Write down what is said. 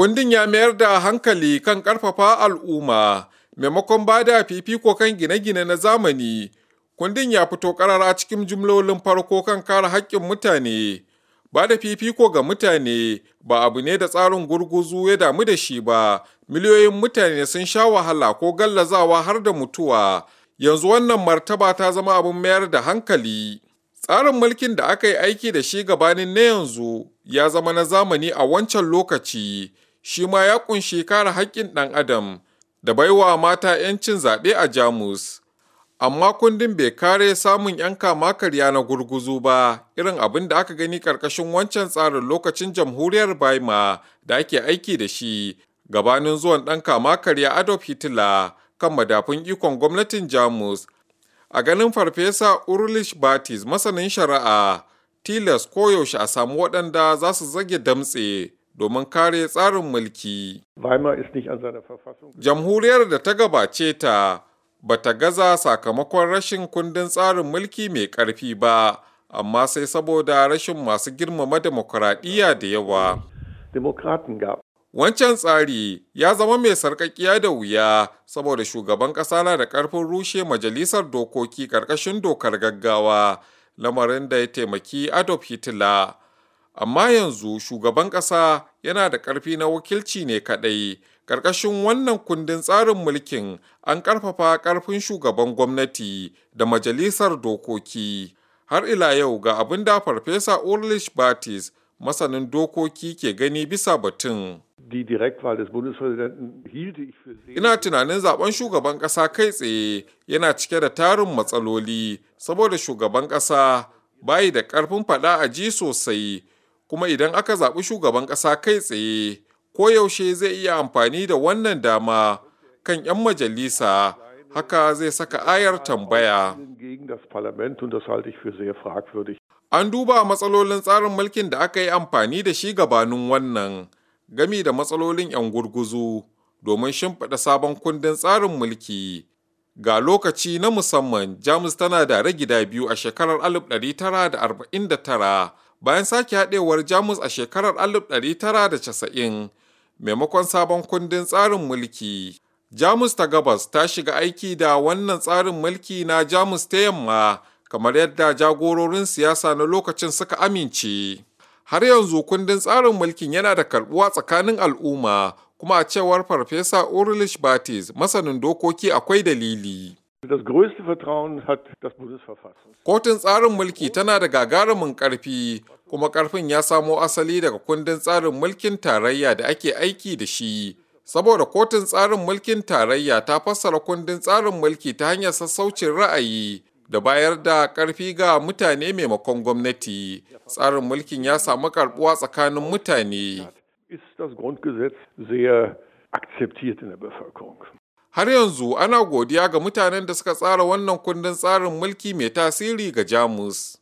Kundin ya mayar da hankali kan ƙarfafa al'umma maimakon ba da fifiko kan gine-gine na zamani. Kundin ya fito ƙarara cikin jumlolin farko kan kare haƙƙin mutane. Ba da fifiko ga mutane ba abu ne da tsarin gurguzu ya damu da shi ba. Miliyoyin mutane sun sha wahala ko gallazawa har da mutuwa. Yanzu wannan martaba ta zama abin mayar da hankali. Tsarin mulkin da aka yi aiki da shi gabanin na yanzu ya zama na zamani a wancan lokaci. shi ma ya ƙunshi kare haƙƙin ɗan adam da baiwa mata 'yancin zaɓe a Jamus. Amma kundin bai kare samun 'yan kama karya na gurguzu ba irin abin da aka gani ƙarƙashin wancan tsarin lokacin jamhuriyar Baima da ake aiki da shi gabanin zuwan ɗan kama karya Adolf Hitler kan madafun ikon gwamnatin Jamus. A ganin Farfesa Urlish Batis masanin shari'a, tilas koyaushe a samu waɗanda za su zage damtse domin kare tsarin mulki. Jamhuriyar da ta gabace ta ba ta gaza sakamakon rashin kundin tsarin mulki mai ƙarfi ba, amma sai saboda rashin masu girmama demokuraɗiyya da yawa. Wancan tsari ya zama mai sarƙaƙiya da wuya saboda shugaban ƙasa na da ƙarfin rushe majalisar dokoki ƙarƙashin dokar gaggawa, lamarin da ya taimaki Adolf Hitler. amma yanzu shugaban ƙasa yana da ƙarfi na wakilci ne kaɗai ƙarƙashin wannan kundin tsarin mulkin an ƙarfafa ƙarfin shugaban gwamnati da majalisar dokoki har ila yau ga abin da farfesa urlish batis masanin dokoki ke gani bisa batun Ina tunanin zaben shugaban ƙasa kai tsaye yana cike da tarin matsaloli saboda shugaban ƙasa bayi da ƙarfin faɗa a ji sosai kuma idan aka zaɓi shugaban ƙasa kai tsaye koyaushe zai iya amfani da wannan dama kan 'yan majalisa haka zai saka ayar tambaya. An duba matsalolin tsarin mulkin da aka yi amfani da shi gabanin wannan gami da matsalolin 'yan gurguzu domin shimfiɗa sabon kundin tsarin mulki. Ga lokaci na musamman Jamus tana da gida biyu a shekarar 1949 bayan sake haɗewar Jamus a shekarar 1990 maimakon sabon kundin tsarin mulki. Jamus ta gabas ta shiga aiki da wannan tsarin mulki na Jamus ta yamma kamar yadda jagororin siyasa na lokacin suka amince. Har yanzu kundin tsarin mulkin yana da karɓuwa tsakanin al'umma kuma a cewar Farfesa Urlish Batis masanin dokoki akwai dalili. Das größte Vertrauen hat das Bundesverfassung. Kotun tsarin mulki tana da gagarumin karfi kuma karfin ya samo asali daga kundin tsarin mulkin tarayya da ake aiki da shi. Saboda kotun tsarin mulkin tarayya ta fassara kundin tsarin mulki ta hanyar sassaucin ra'ayi da bayar da karfi ga mutane maimakon gwamnati. Tsarin mulkin ya samu karbuwa tsakanin mutane. akzeptiert in der Bevölkerung. Har yanzu ana godiya ga mutanen da suka tsara wannan kundin tsarin mulki mai tasiri ga Jamus.